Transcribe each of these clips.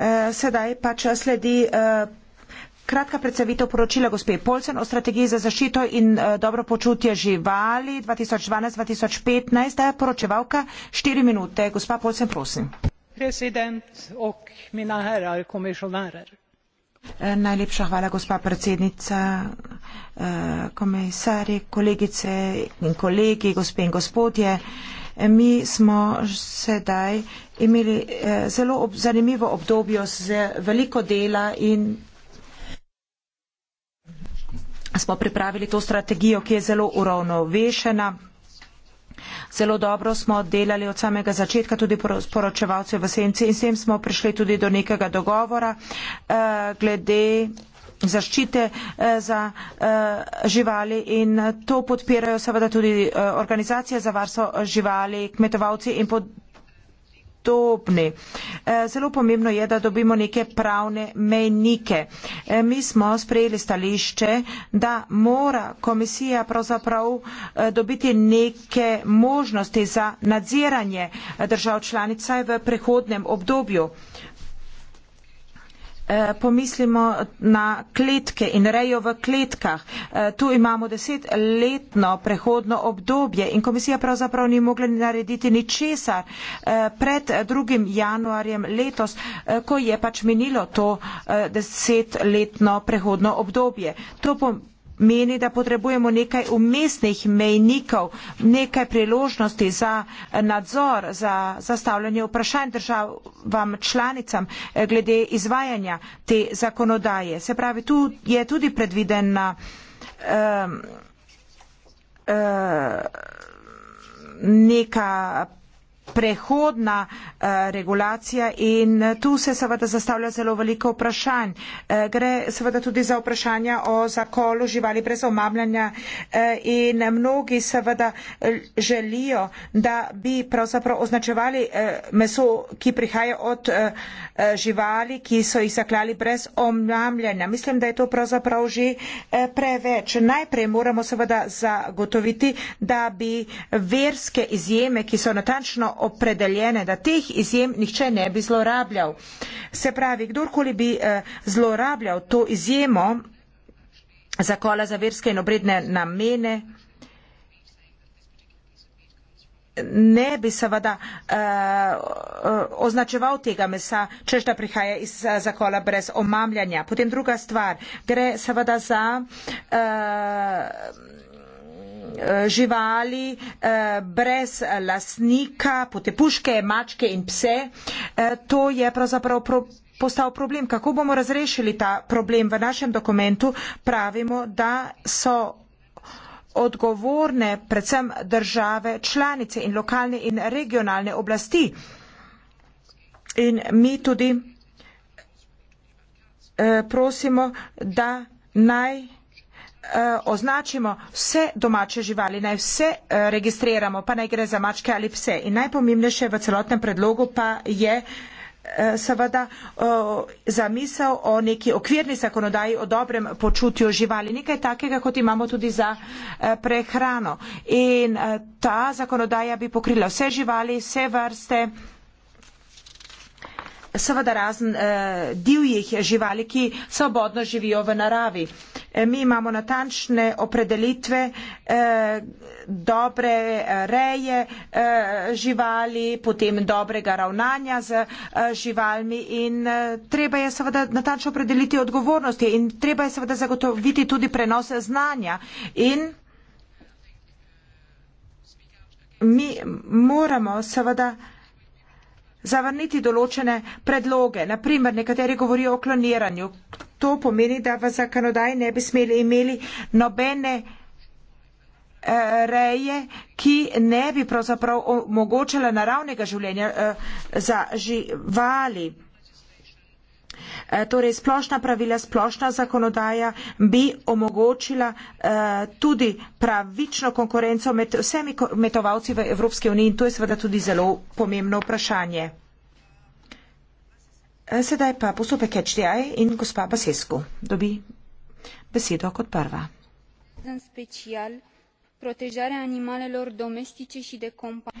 Eh, sedaj pač sledi eh, kratka predstavitev poročila gospe Polcen o strategiji za zaščito in eh, dobro počutje živali 2012-2015. Poročevalka, štiri minute. Gospa Polcen, prosim. Predsednik ok, mina herar, komisionarer. Najlepša hvala, gospa predsednica, komisari, kolegice in kolegi, gospe in gospodje mi smo sedaj imeli eh, zelo ob, zanimivo obdobje z veliko dela in smo pripravili to strategijo, ki je zelo uravnovešena. Zelo dobro smo delali od samega začetka tudi poročevalce v senci in s tem smo prišli tudi do nekega dogovora uh, glede zaščite eh, za eh, živali in to podpirajo seveda tudi eh, organizacije za varstvo živali, kmetovalci in pod. Dobni. Zelo pomembno je, da dobimo neke pravne mejnike. Mi smo sprejeli stališče, da mora komisija pravzaprav dobiti neke možnosti za nadziranje držav članicaj v prihodnem obdobju. Eh, pomislimo na kletke in rejo v kletkah. Eh, tu imamo desetletno prehodno obdobje in komisija pravzaprav ni mogla narediti ničesar eh, pred 2. januarjem letos, ko je pač minilo to desetletno prehodno obdobje. To meni, da potrebujemo nekaj umestnih mejnikov, nekaj priložnosti za eh, nadzor, za zastavljanje vprašanj državam članicam eh, glede izvajanja te zakonodaje. Se pravi, tu je tudi predvidena um, uh, neka prehodna eh, regulacija in tu se seveda zastavlja zelo veliko vprašanj. Eh, gre seveda tudi za vprašanja o zakolu živali brez omamljanja eh, in mnogi seveda želijo, da bi pravzaprav označevali meso, ki prihaja od živali, ki so jih zaklali brez omamljanja. Mislim, da je to pravzaprav že preveč. Najprej moramo seveda zagotoviti, da bi verske izjeme, ki so natančno opredeljene, da teh izjem nihče ne bi zlorabljal. Se pravi, kdorkoli bi eh, zlorabljal to izjemo za kola za verske in obredne namene, ne bi seveda uh, označeval tega mesa, češ da prihaja iz eh, zakola brez omamljanja. Potem druga stvar, gre seveda za uh, Eh, živali eh, brez lasnika, potepuške, mačke in pse. Eh, to je pravzaprav pro postal problem. Kako bomo razrešili ta problem? V našem dokumentu pravimo, da so odgovorne predvsem države članice in lokalne in regionalne oblasti. In mi tudi eh, prosimo, da naj uh, označimo vse domače živali, naj vse uh, registriramo, pa naj gre za mačke ali pse. In najpomembnejše v celotnem predlogu pa je eh, seveda zamisel o neki okvirni zakonodaji o dobrem počutju živali. Nekaj takega, kot imamo tudi za prehrano. In ta zakonodaja bi pokrila vse živali, vse vrste, seveda razen divjih živali, ki svobodno živijo v naravi. E, mi imamo natančne opredelitve, e, dobre e, reje živali, potem dobrega ravnanja z živalmi in treba je seveda natančno opredeliti odgovornosti in treba je seveda zagotoviti tudi prenos znanja. In mi moramo seveda zavrniti določene predloge. Naprimer, nekateri govorijo o kloniranju to pomeni, da v zakonodaji ne bi smeli imeli nobene eh, reje, ki ne bi pravzaprav omogočala naravnega življenja eh, za živali. Eh, torej, splošna pravila, splošna zakonodaja bi omogočila tudi pravično konkurenco med vsemi kmetovalci v Evropski uniji in to je seveda tudi zelo pomembno vprašanje. Eh, sedaj pa postopek HDI in gospa Basescu dobi besedo kot prva. Zan special protežarja animalelor domestiče in dekompa.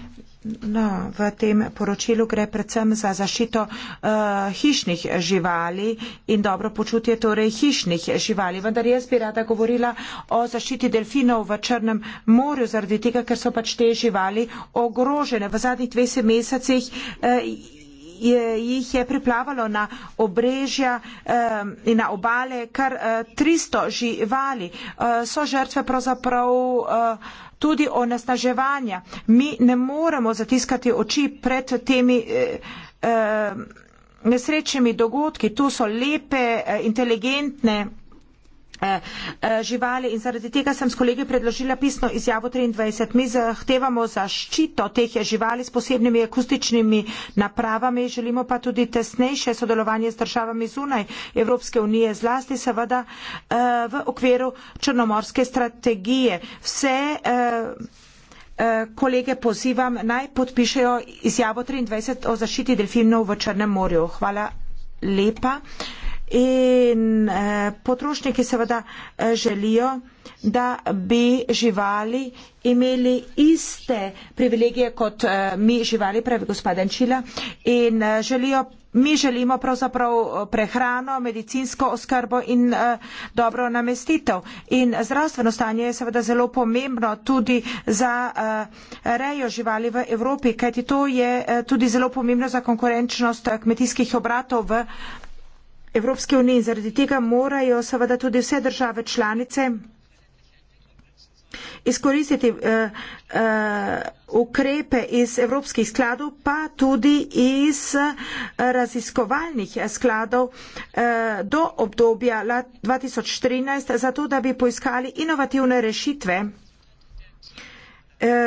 No, v tem poročilu gre predvsem za zaščito uh, hišnih živali in dobro počutje torej hišnih živali. Vendar jaz bi rada govorila o zaščiti delfinov v Črnem morju, zaradi tega, ker so pač te živali ogrožene. V zadnjih 20 mesecih uh, je, jih je priplavalo na obrežja in na obale kar 300 eh, živali. Eh, so žrtve pravzaprav eh, tudi onesnaževanja. Mi ne moremo zatiskati oči pred temi nesrečnimi dogodki. Tu so lepe, inteligentne Eh, eh, živali in zaradi tega sem s kolegi predložila pisno izjavo 23. Mi zahtevamo zaščito teh živali s posebnimi akustičnimi napravami, želimo pa tudi tesnejše sodelovanje z državami zunaj Evropske unije, zlasti seveda eh, v okviru črnomorske strategije. Vse kolege pozivam naj podpišejo izjavo 23 o zaščiti delfinov v Črnem morju. Hvala lepa in eh, potrošniki seveda eh, želijo, da bi živali imeli iste privilegije kot eh, mi živali, pravi gospodin Čila, in želijo, mi želimo pravzaprav prehrano, medicinsko oskrbo in dobro namestitev. In zdravstveno stanje je seveda zelo pomembno tudi za rejo živali v Evropi, kajti to je tudi zelo pomembno za konkurenčnost kmetijskih obratov v Evropi. Evropske unije in zaradi tega morajo seveda tudi vse države članice izkoristiti uh, uh, ukrepe iz evropskih skladov, pa tudi iz eh, raziskovalnih skladov uh, do obdobja 2013, zato da bi poiskali inovativne rešitve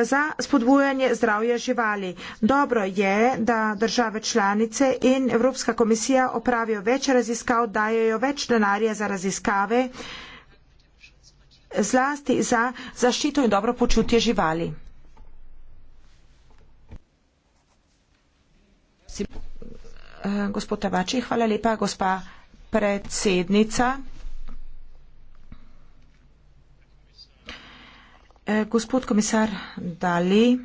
za spodbujanje zdravja živali. Dobro je, da države članice in Evropska komisija opravijo več raziskav, dajo več denarja za raziskave, zlasti za zaščito in dobro počutje živali. Eh, gospod Tavači, hvala lepa, gospa predsednica. Eh, gospod komisar Dali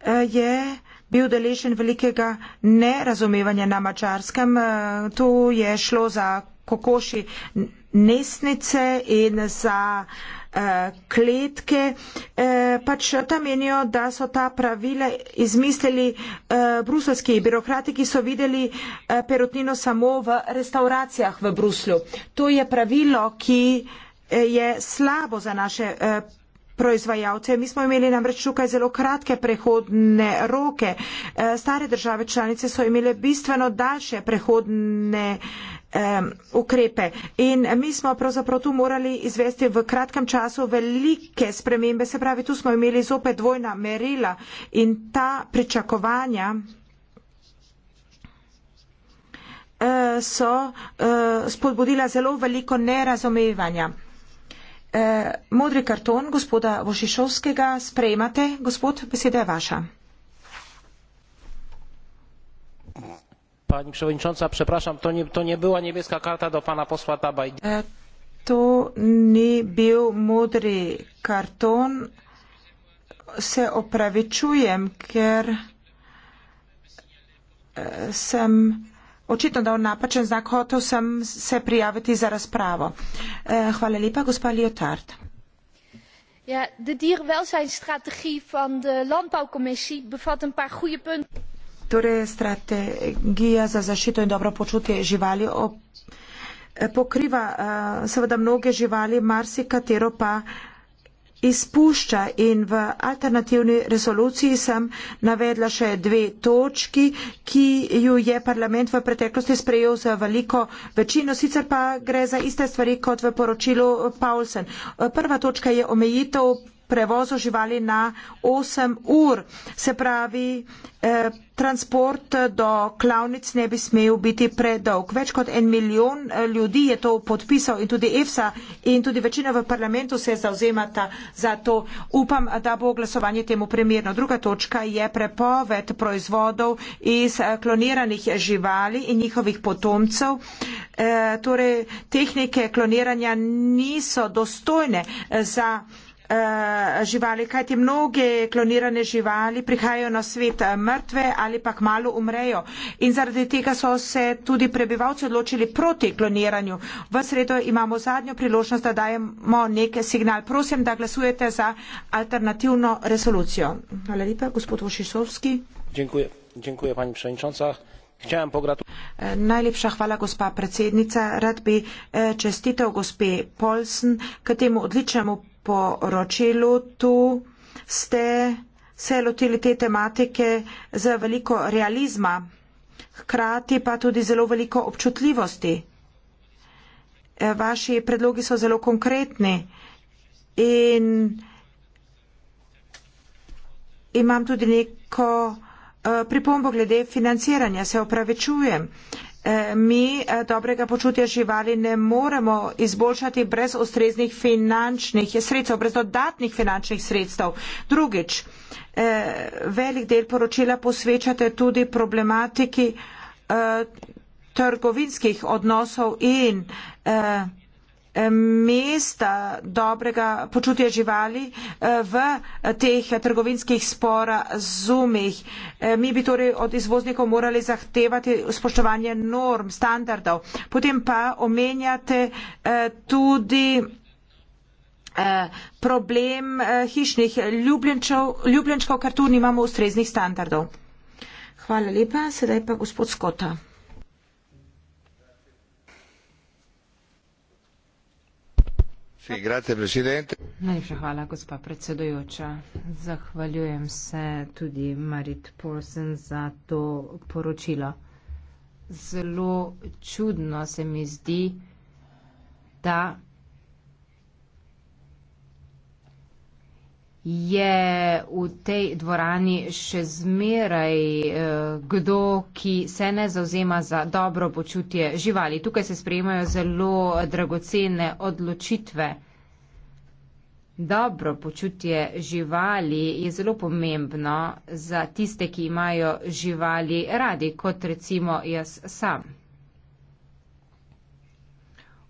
eh, je bil deležen velikega nerazumevanja na mačarskem. Eh, tu je šlo za kokoši nesnice in za kletke. Pač tam menijo, da so ta pravila izmislili bruselski birokrati, ki so videli perotnino samo v restauracijah v Bruslju. To je pravilo, ki Eh, je slabo za naše eh, proizvajalce. Mi smo imeli namreč tukaj zelo kratke prehodne roke. Eh, stare države članice so imele bistveno daljše prehodne ukrepe. In mi smo pravzaprav tu morali izvesti v kratkem času velike spremembe, se pravi, tu smo imeli zopet dvojna merila in ta pričakovanja so spodbudila zelo veliko nerazumevanja. Eh, modri karton gospoda Vošišovskega sprejmate. Gospod, beseda je vaša. Pani przewodnicząca, przepraszam, to nie, to nie była niebieska karta do pana posła Tabaj. Eh, to nie był młody karton. Se opravičujem, ker eh, sem. Eh, očitno dal napačen znak, hotel sem se prijaviti za razpravo. Eh, hvala lepa, gospa Liotard. Ja, de dierenwelzijnstrategie van de landbouwcommissie bevat een paar goede punten. Torej, strategija za zaščito in dobro počutje živali eh, pokriva eh, seveda mnoge živali, marsikatero pa izpušča in v alternativni rezoluciji sem navedla še dve točki, ki ju je parlament v preteklosti sprejel za veliko večino, sicer pa gre za iste stvari kot v poročilu Paulsen. Prva točka je omejitev prevozu živali na 8 ur. Se pravi, eh, transport do klavnic ne bi smel biti predolg. Več kot en milijon eh, ljudi je to podpisal in tudi EFSA in tudi večina v parlamentu se zauzemata za to. Upam, da bo glasovanje temu primerno. Druga točka je prepoved proizvodov iz eh, kloniranih živali in njihovih potomcev. Torej, tehnike kloniranja niso dostojne za Eh, živali, kajti mnoge klonirane živali prihajajo na svet eh, mrtve ali pa kmalo umrejo. In zaradi tega so se tudi prebivalci odločili proti kloniranju. V sredo imamo zadnjo priložnost, da dajemo nek signal. Prosim, da glasujete za alternativno resolucijo. Hvala lepa, gospod Vošišovski. Dziękuję. Dziękuję pani przewodnicząca. Chciałem pogratulować. E, Najlepša hvala, gospa predsednica. Rad bi e, čestitev gospe Polsen k temu odličnemu po ročelu tu ste se lotili te tematike z veliko realizma, hkrati pa tudi zelo veliko občutljivosti. E, vaši predlogi so zelo konkretni in imam tudi neko e, pripombo glede financiranja, se opravičujem. Eh, mi eh, dobrega počutja živali ne moremo izboljšati brez ustreznih finančnih sredstev, brez dodatnih finančnih sredstev. Drugič, eh, velik del poročila posvečate tudi problematiki trgovinskih odnosov in mesta dobrega počutja živali eh, v eh, teh trgovinskih spora zumih. Eh, mi bi torej od izvoznikov morali zahtevati spoštovanje norm, standardov. Potem pa omenjate tudi problem hišnih ljubljenčev, ljubljenčkov, ker tu nimamo ustreznih standardov. Hvala lepa, sedaj pa gospod Skota. Najlepša hvala, gospa predsedujoča. Zahvaljujem se tudi Marit Polsen za to poročilo. Zelo čudno se mi zdi, da je v tej dvorani še zmeraj eh, kdo, ki se ne zauzema za dobro počutje živali. Tukaj se sprejemajo zelo dragocene odločitve. Dobro počutje živali je zelo pomembno za tiste, ki imajo živali radi, kot recimo jaz sam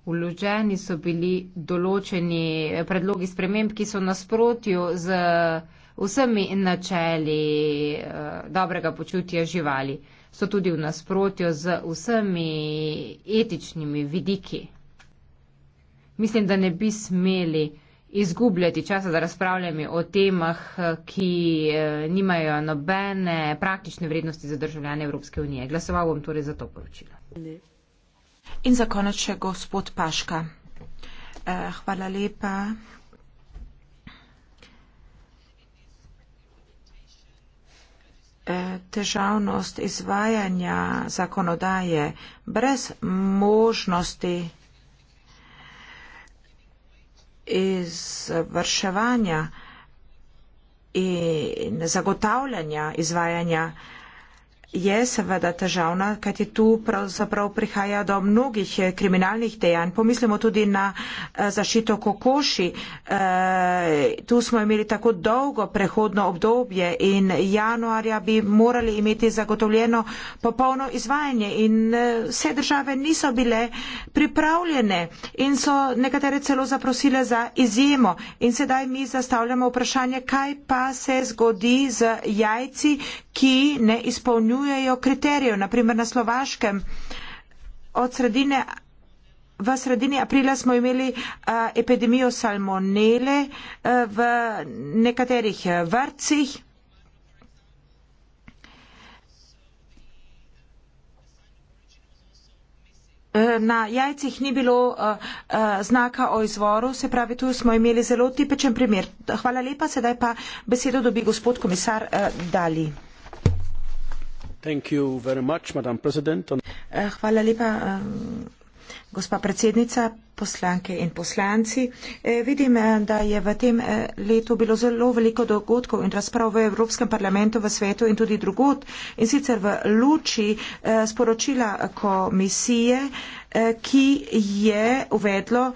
vloženi so bili določeni predlogi sprememb, ki so nasprotju z vsemi načeli eh, dobrega počutja živali. So tudi v nasprotju z vsemi etičnimi vidiki. Mislim, da ne bi smeli izgubljati časa, da razpravljamo o temah, ki eh, nimajo nobene praktične vrednosti za državljane Evropske unije. Glasoval bom torej za to poročilo. Ne. In za konec še gospod Paška. Eh, hvala lepa. Eh, težavnost izvajanja zakonodaje brez možnosti izvrševanja in zagotavljanja izvajanja je seveda težavna, kajti tu pravzaprav prihaja do mnogih eh, kriminalnih dejanj. Pomislimo tudi na eh, zašito kokoši. Eh, tu smo imeli tako dolgo prehodno obdobje in januarja bi morali imeti zagotovljeno popolno izvajanje in vse države niso bile pripravljene in so nekatere celo zaprosile za izjemo. In sedaj mi zastavljamo vprašanje, kaj pa se zgodi z jajci, ki ne izpolnjujejo kriterijev. Naprimer na Slovaškem od sredine. V sredini aprila smo imeli uh, epidemijo salmonele uh, v nekaterih eh, vrtcih. Na jajcih ni bilo uh, uh, znaka o izvoru, se pravi, tu smo imeli zelo tipečen primer. Hvala lepa, sedaj pa besedo dobi gospod komisar uh, Dali. Eh, hvala lepa, gospa predsednica, poslanke in poslanci. Eh, vidim, eh, da je v tem letu bilo zelo veliko dogodkov in razprav v Evropskem parlamentu, v svetu in tudi drugod. In sicer v luči sporočila komisije, ki je uvedlo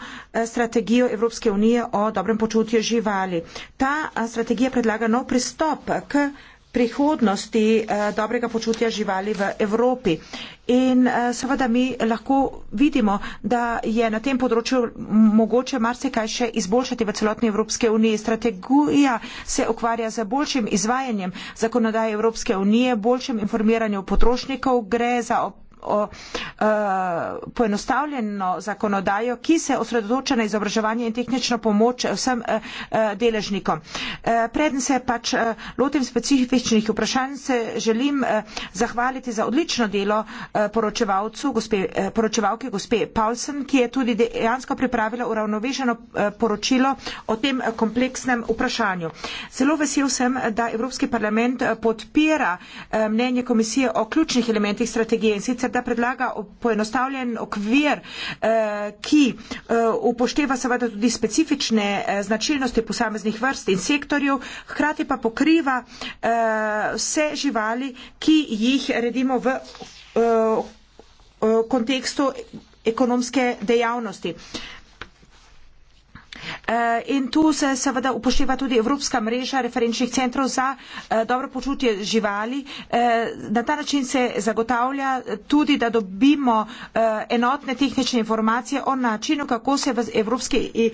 strategijo Evropske unije o dobrem počutju živali. Ta strategija predlaga nov pristop k prihodnosti eh, dobrega počutja živali v Evropi. In eh, seveda mi lahko vidimo, da je na tem področju mogoče marsikaj še izboljšati v celotni Evropske unije. Strategija se ukvarja z boljšim izvajanjem zakonodaje Evropske unije, boljšim informiranjem potrošnikov, gre za o, uh, poenostavljeno zakonodajo, ki se osredotoča na izobraževanje in tehnično pomoč vsem uh, uh, deležnikom. Uh, Preden se pač uh, lotim specifičnih vprašanj, se želim uh, zahvaliti za odlično delo uh, gospe, uh, poročevalke gospe Paulsen, ki je tudi dejansko pripravila uravnoveženo uh, poročilo o tem uh, kompleksnem vprašanju. Zelo vesel sem, da Evropski parlament uh, podpira uh, mnenje komisije o ključnih elementih strategije in sicer da predlaga poenostavljen okvir, eh, ki eh, upošteva seveda tudi specifične eh, značilnosti posameznih vrst in sektorjev, hkrati pa pokriva vse živali, ki jih redimo v kontekstu ekonomske dejavnosti. Eh, in tu se seveda upošteva tudi Evropska mreža referenčnih centrov za eh, dobro počutje živali. Eh, na ta način se zagotavlja tudi, da dobimo enotne tehnične informacije o načinu, kako se v Evropski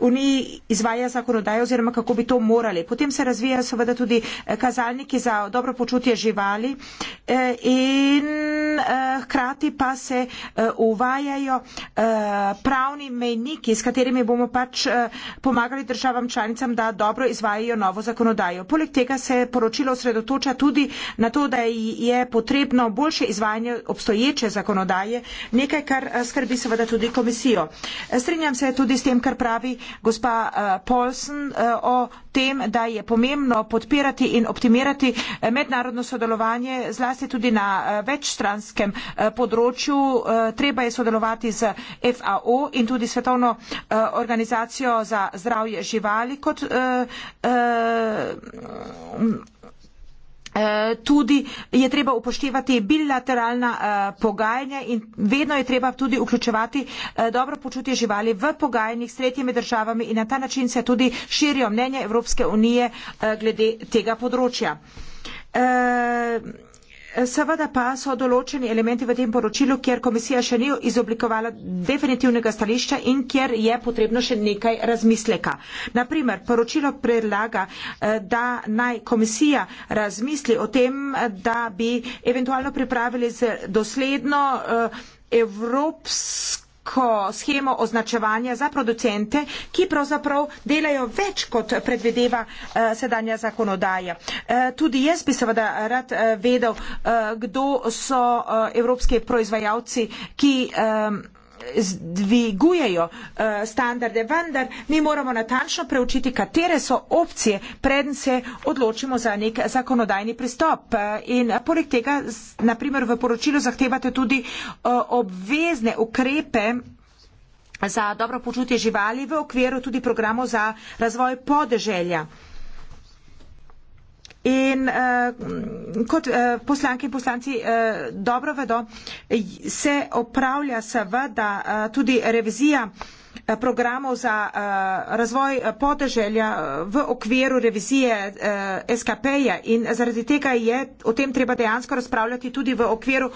uniji izvaja zakonodajo oziroma kako bi to morali. Potem se razvijajo seveda tudi kazalniki za dobro počutje živali in hkrati pa se uvajajo pravni mejniki, s katerimi bomo bomo pač eh, pomagali državam članicam, da dobro izvajajo novo zakonodajo. Poleg tega se poročilo osredotoča tudi na to, da je potrebno boljše izvajanje obstoječe zakonodaje, nekaj, kar eh, skrbi seveda tudi komisijo. Eh, strinjam se tudi s tem, kar pravi gospa Polsen o tem, da je pomembno podpirati in optimirati mednarodno sodelovanje, zlasti tudi na večstranskem področju. Treba je sodelovati z FAO in tudi svetovno organizacijo organizacijo za zdravje živali kot eh, eh, eh, tudi je treba upoštevati bilateralna pogajanja in vedno je treba tudi vključevati dobro počutje živali v pogajanjih s tretjimi državami in na ta način se tudi širijo mnenje Evropske unije glede tega področja. Uh... Seveda pa so določeni elementi v tem poročilu, kjer komisija še ni izoblikovala definitivnega stališča in kjer je potrebno še nekaj razmisleka. Naprimer, poročilo predlaga, eh, da naj komisija razmisli o tem, da bi eventualno pripravili dosledno eh, evropsko ko schemo označevanja za producente, ki pravzaprav delajo več, kot predvedeva uh, eh, sedanja zakonodaja. Uh, tudi jaz bi seveda rad uh, vedel, uh, kdo so uh, evropski proizvajalci, ki. Um, dvigujejo eh, standarde, vendar mi moramo natančno preučiti, katere so opcije, preden se odločimo za nek zakonodajni pristop. Eh, in poleg tega, naprimer, v poročilu zahtevate tudi eh, obvezne ukrepe za dobro počutje živali v okviru tudi programov za razvoj podeželja. In uh, kot uh, eh, poslanki in poslanci uh, dobro vedo, se opravlja seveda uh, tudi revizija programov za uh, razvoj podeželja v okviru revizije uh, SKP-ja in zaradi tega je o tem treba dejansko razpravljati tudi v okviru uh,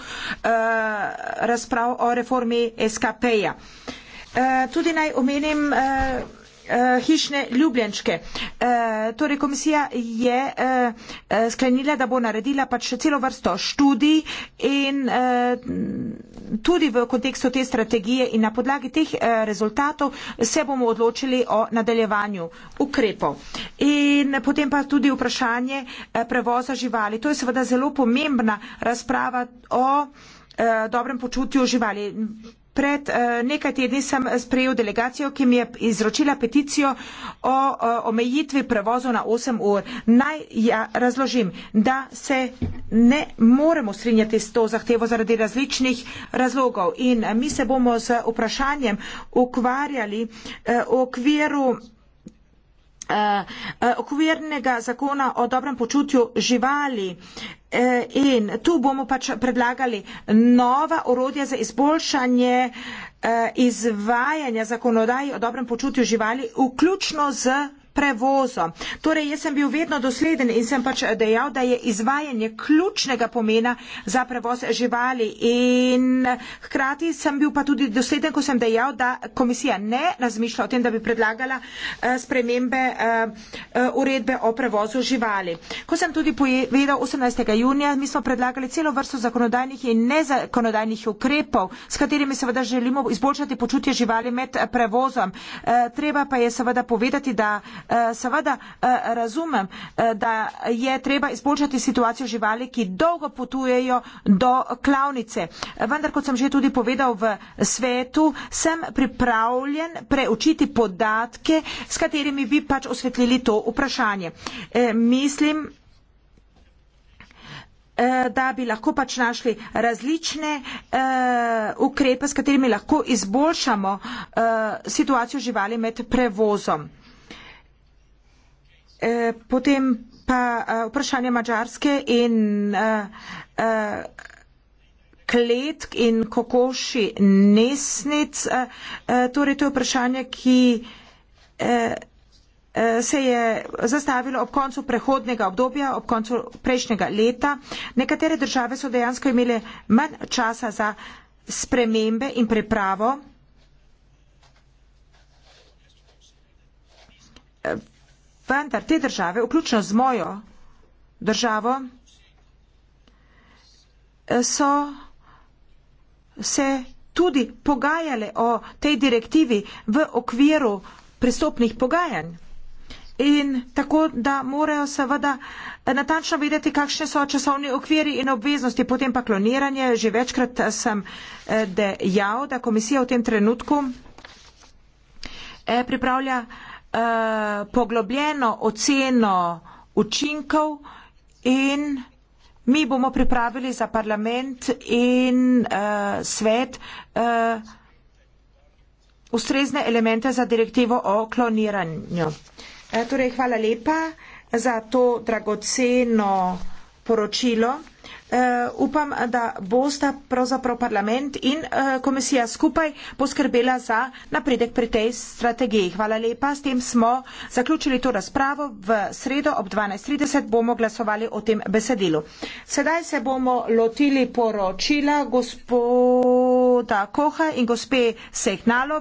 razprav o reformi SKP-ja. Uh, tudi naj omenim. Uh, Eh, hišne ljubljenčke. Eh, torej komisija je eh, sklenila, da bo naredila pač celo vrsto študij in tudi v kontekstu te strategije in na podlagi teh rezultatov se bomo odločili o nadaljevanju ukrepov. In potem pa tudi vprašanje prevoza živali. To je seveda zelo pomembna razprava o dobrem počutju živali pred eh, nekaj tedni sem sprejel delegacijo, ki mi je izročila peticijo o eh, omejitvi prevozov na 8 ur. Naj ja razložim, da se ne moremo strinjati s to zahtevo zaradi različnih razlogov in eh, mi se bomo z vprašanjem ukvarjali v okviru Eh, eh, okvirnega zakona o dobrem počutju živali. Eh, in tu bomo pač predlagali nova orodja za izboljšanje izvajanja zakonodaji o dobrem počutju živali, vključno z prevozom. Torej, jaz sem bil vedno dosleden in sem pač dejal, da je izvajanje ključnega pomena za prevoz živali. In hkrati sem bil pa tudi dosleden, ko sem dejal, da komisija ne razmišlja o tem, da bi predlagala eh, spremembe eh, eh, uredbe o prevozu živali. Ko sem tudi povedal 18. junija, mi smo predlagali celo vrsto zakonodajnih in nezakonodajnih ukrepov, s katerimi seveda želimo izboljšati počutje živali med prevozom. Treba pa je seveda povedati, da Eh, seveda eh, razumem, eh, da je treba izboljšati situacijo živali, ki dolgo potujejo do klavnice. Vendar, kot sem že tudi povedal v svetu, sem pripravljen preučiti podatke, s katerimi bi pač osvetlili to vprašanje. Mislim, da bi lahko pač našli različne uh, ukrepe, s katerimi lahko izboljšamo uh, situacijo živali med prevozom. Eh, potem pa eh, vprašanje mačarske in eh, kletk in kokoši nesnic. Torej to je vprašanje, ki se je zastavilo ob koncu prehodnega obdobja, ob koncu prejšnjega leta. Nekatere države so dejansko imele manj časa za spremembe in pripravo vendar te države, vključno z mojo državo, so se tudi pogajale o tej direktivi v okviru pristopnih pogajanj. In tako, da morajo seveda natančno vedeti, kakšne so časovni okviri in obveznosti, potem pa kloniranje. Že večkrat sem eh, dejal, da komisija v tem trenutku eh, pripravlja Eh, poglobljeno oceno učinkov in mi bomo pripravili za parlament in uh, svet uh, ustrezne elemente za direktivo o kloniranju. E, torej, hvala lepa za to dragoceno poročilo. Uh, upam, da bosta pravzaprav parlament in uh, komisija skupaj poskrbela za napredek pri tej strategiji. Hvala lepa. S tem smo zaključili to razpravo. V sredo ob 12.30 bomo glasovali o tem besedilu. Sedaj se bomo lotili poročila gospoda Koha in gospe Sehnalo.